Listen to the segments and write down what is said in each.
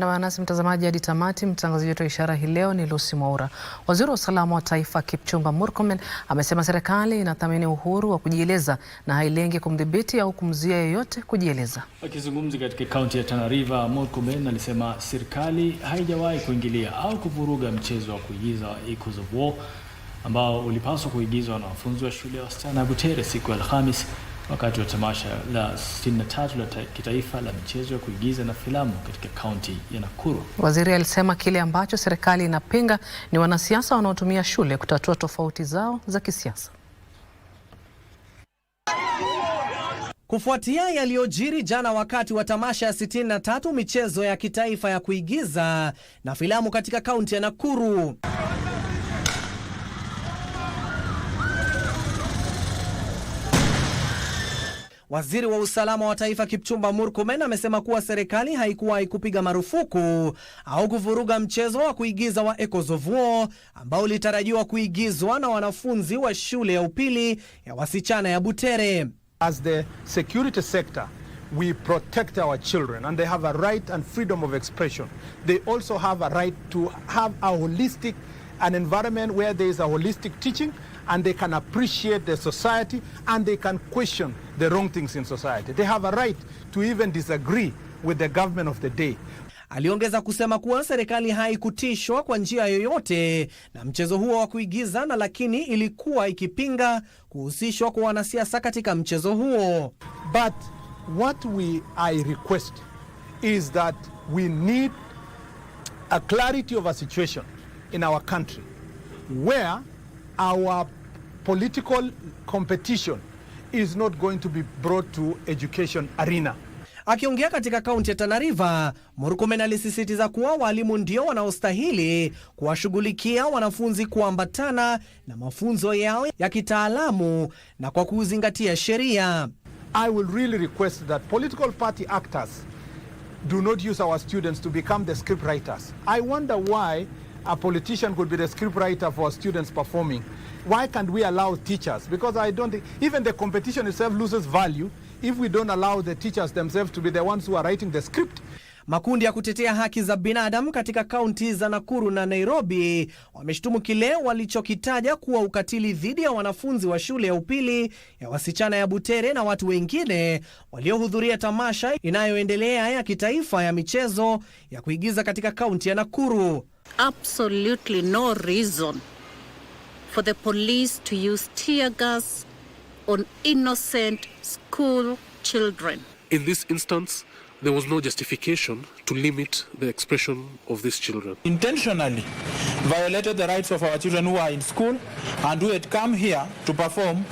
Andamana nasi mtazamaji hadi tamati. Mtangazaji wetu wa ishara hii leo ni Lucy Mwaura. Waziri wa usalama wa taifa Kipchumba Murkomen amesema serikali inathamini uhuru wa kujieleza na hailengi kumdhibiti au kumzuia yeyote kujieleza. Akizungumza katika kaunti ya Tana River, Murkomen alisema serikali haijawahi kuingilia au kuvuruga mchezo wa kuigiza Echoes of War ambao ulipaswa kuigizwa na wanafunzi wa shule ya wasichana ya Butere siku ya Alhamis wakati wa tamasha la 63 la kitaifa la michezo ya kuigiza na filamu katika kaunti ya Nakuru. Waziri alisema kile ambacho serikali inapinga ni wanasiasa wanaotumia shule kutatua tofauti zao za kisiasa. Kufuatia yaliyojiri jana wakati wa tamasha ya 63 michezo ya kitaifa ya kuigiza na filamu katika kaunti ya Nakuru Waziri wa usalama wa taifa Kipchumba Murkomen amesema kuwa serikali haikuwahi kupiga marufuku au kuvuruga mchezo wa kuigiza wa Ekozovuo ambao ulitarajiwa kuigizwa na wanafunzi wa shule ya upili ya wasichana ya Butere. As the security sector we protect our children and they have a right and freedom of expression. They also have a right to have a holistic an environment where there is a holistic teaching and they can appreciate the society and they can question the wrong things in society. They have a right to even disagree with the government of the day. Aliongeza kusema kuwa serikali haikutishwa kwa njia yoyote na mchezo huo wa kuigizana, lakini ilikuwa ikipinga kuhusishwa kwa wanasiasa katika mchezo huo. But what we I request is that we need a clarity of a situation in our country where our political competition is not going to be brought to education arena. Akiongea katika kaunti ya Tana River, Murkomen alisisitiza kuwa walimu ndio wanaostahili kuwashughulikia wanafunzi kuambatana na mafunzo yao ya kitaalamu na kwa kuzingatia sheria. I will really request that political party actors do not use our students to become the script writers. I wonder why a politician could be the script writer for students performing why can't we allow teachers? Because I don't think, even the competition itself loses value if we don't allow the teachers themselves to be the ones who are writing the script. Makundi ya kutetea haki za binadamu katika kaunti za Nakuru na Nairobi wameshtumu kile walichokitaja kuwa ukatili dhidi ya wanafunzi wa shule ya upili ya wasichana ya Butere na watu wengine waliohudhuria tamasha inayoendelea ya kitaifa ya michezo ya kuigiza katika kaunti ya Nakuru. Absolutely no reason for the police to use tear gas on innocent school children. In this instance, there was no justification to limit the expression of these children. Intentionally violated the rights of our children who are in school and who had come here to perform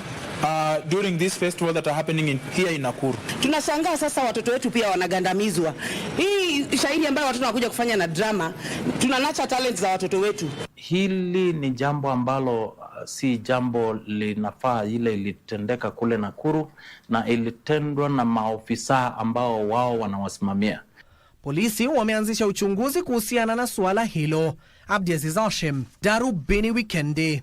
uh, during this festival that are happening in, here in Nakuru. Tunashangaa sasa watoto wetu pia wanagandamizwa. Hii shahidi ambayo watoto wanakuja kufanya na drama, tunanacha talent za watoto wetu. Hili ni jambo ambalo uh, si jambo linafaa. Ile ilitendeka kule Nakuru na ilitendwa na maofisa ambao wao wanawasimamia. Polisi wameanzisha uchunguzi kuhusiana na suala hilo. Abdiaziz Hashim, Darubini Wikendi.